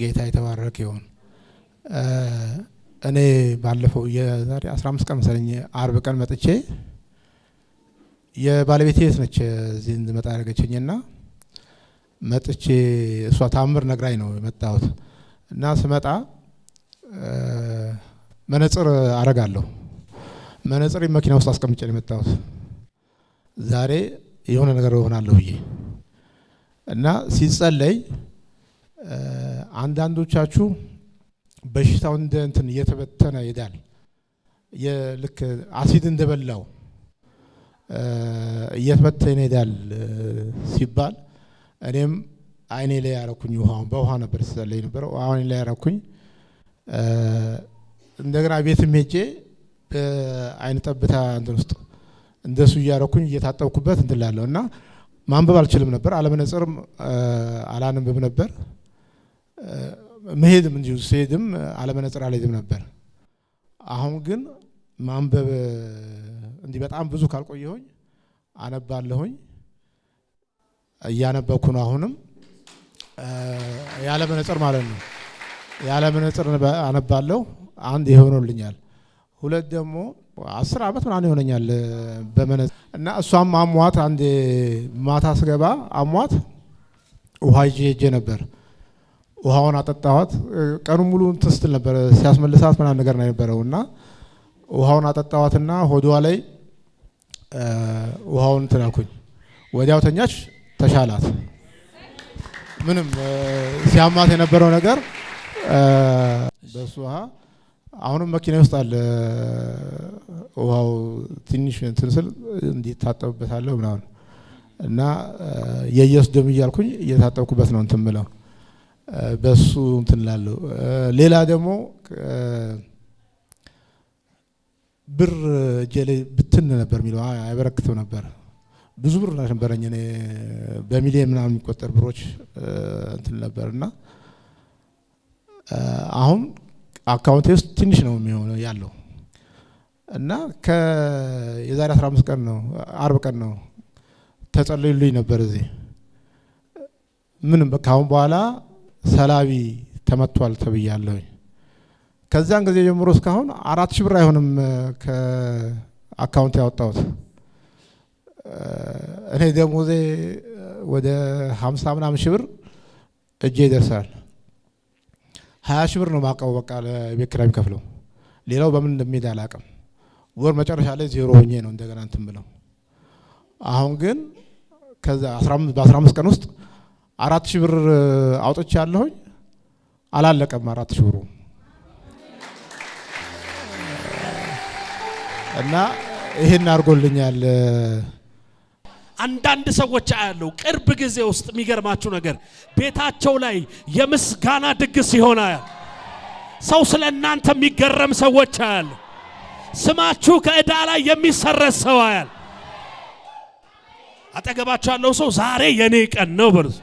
ጌታ የተባረከ ይሆን እኔ ባለፈው የዛሬ 15 ቀን መሰለኝ አርብ ቀን መጥቼ የባለቤቴ የት ነች እዚህ እንድመጣ ያደረገችኝና መጥቼ እሷ ታምር ነግራኝ ነው የመጣሁት እና ስመጣ መነጽር አረጋለሁ። መነጽር መኪና ውስጥ አስቀምጬ ነው የመጣሁት ዛሬ የሆነ ነገር እሆናለሁ ብዬ እና ሲጸለይ አንዳንዶቻችሁ በሽታው እንደ እንትን እየተበተነ ይሄዳል። ልክ አሲድ እንደበላው እየተበተነ ይሄዳል ሲባል እኔም አይኔ ላይ ያረኩኝ ውሃውን በውሃ ነበር ስለ ነበረ። አይኔ ላይ ያረኩኝ እንደገና ቤትም ሄጄ በአይን ጠብታ እንትን ውስጥ እንደሱ እያረኩኝ እየታጠብኩበት እንትላለሁ እና ማንበብ አልችልም ነበር። አለመነጽርም አላንብብ ነበር መሄድም እንዲሁ ስሄድም አለመነጽር አልሄድም ነበር። አሁን ግን ማንበብ እንዲህ በጣም ብዙ ካልቆየሁኝ አነባለሁኝ። እያነበኩ ነው። አሁንም ያለመነጽር ማለት ነው። ያለመነጽር አነባለሁ። አንድ የሆኖልኛል። ሁለት ደግሞ አስር ዓመት ምናምን ይሆነኛል በመነጽ እና እሷም አሟት አንድ ማታ ስገባ አሟት ውሃ ይዤ ሄጄ ነበር ውሃውን አጠጣኋት። ቀኑን ሙሉ ትስትል ነበረ ሲያስመልሳት ምናምን ነገር ነው የነበረው እና ውሃውን አጠጣኋትና ሆዷ ላይ ውሃውን እንትን አልኩኝ። ወዲያው ተኛች፣ ተሻላት። ምንም ሲያማት የነበረው ነገር በሱ ውሃ አሁንም መኪና ውስጥ አለ። ውሃው ትንሽ እንትን ስል እንዲታጠብበታለሁ ምናምን እና የኢየሱስ ደም እያልኩኝ እየታጠብኩበት ነው እንትን ምለው በሱ እንትን እላለሁ። ሌላ ደግሞ ብር እጄ ላይ ብትን ነበር የሚለው አይበረክትም ነበር። ብዙ ብር ነበረኝ እኔ በሚሊየን ምናምን የሚቆጠር ብሮች እንትን ነበር እና አሁን አካውንቴ ውስጥ ትንሽ ነው የሚሆነው ያለው እና የዛሬ 15 ቀን ነው አርብ ቀን ነው ተጸልዩልኝ ነበር እዚህ ምንም ከአሁን በኋላ ሰላቢ ተመቷል ተብያለሁ። ከዚያን ጊዜ ጀምሮ እስካሁን አራት ሺህ ብር አይሆንም ከአካውንት ያወጣሁት። እኔ ደሞዜ ወደ ሀምሳ ምናምን ሺህ ብር እጄ ይደርሳል። ሀያ ሺህ ብር ነው ማቀው በቃ ለቤት ኪራይ ከፍለው፣ ሌላው በምን እንደሚሄድ አላውቅም። ወር መጨረሻ ላይ ዜሮ ሆኜ ነው እንደገና እንትን ብለው አሁን ግን ከዛ በአስራ አምስት ቀን ውስጥ አራት ሺህ ብር አውጥቼ ያለሁኝ አላለቀም። አራት ሺህ ብሩ እና ይህን አድርጎልኛል። አንዳንድ ሰዎች አያለው ቅርብ ጊዜ ውስጥ የሚገርማችሁ ነገር ቤታቸው ላይ የምስጋና ድግስ ይሆን አያል ሰው ስለ እናንተ የሚገረም ሰዎች አያል ስማችሁ ከእዳ ላይ የሚሰረዝ ሰው አያል አጠገባቸው ያለው ሰው ዛሬ የኔ ቀን ነው በሉ።